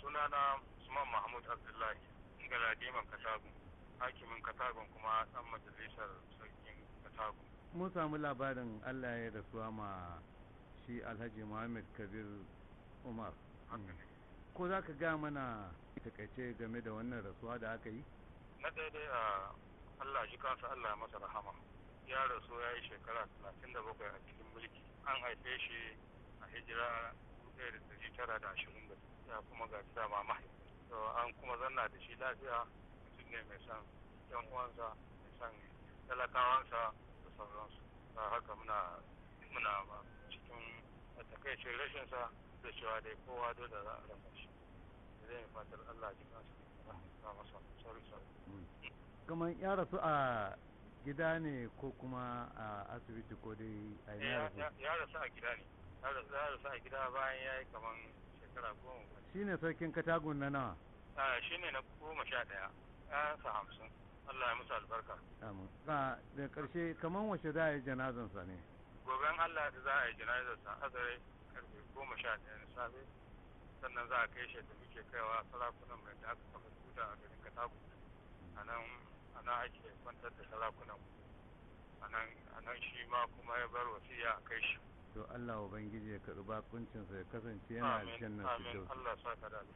sunana Usman Mahmud Abdullahi Galadiman Katagun hakimin Katagun kuma dan majalisar sarkin Katagun mun samu labarin Allah ya rasuwa ma shi Alhaji Muhammad Kabir Umar hmm. ko za ka ga mana takaice game da wannan rasuwa da aka yi na daidai a Allah shi kansa Allah masa rahama ya rasu ya yi shekara 37 a cikin mulki an haife shi a hijira 1920 lafiya kuma ga shi dama mai an kuma zanna da shi lafiya mutum ne mai san yan uwansa mai san talakawansa da sauransu ta haka muna muna ba cikin takaicin rashin sa da cewa dai kowa dole za a rasa shi zai fatar Allah ji kansa ba masa sorry sorry hmm. kamar ya rasu a gida ne ko kuma a asibiti ko dai a eh, yi ya rasu a gida ne ya rasu a gida bayan ya yi kamar shekara goma shi ne sarkin katagun na nawa shi ne na goma sha ɗaya sa hamsin Allah ya musu albarka amin da ƙarshe kamar wace za a yi janazansa ne goben Allah da za a yi janazansa azare karfe goma sha ɗaya na safe sannan za a kai shi da muke kaiwa sarakunan mai da aka kafa tuta a garin katagun a nan a nan ake kwantar da sarakunan a nan shi ma kuma ya bar wasiya a kai shi to Allah ubangiji ya karɓi bakuncinsa ya kasance yana aljanna su Allah saka da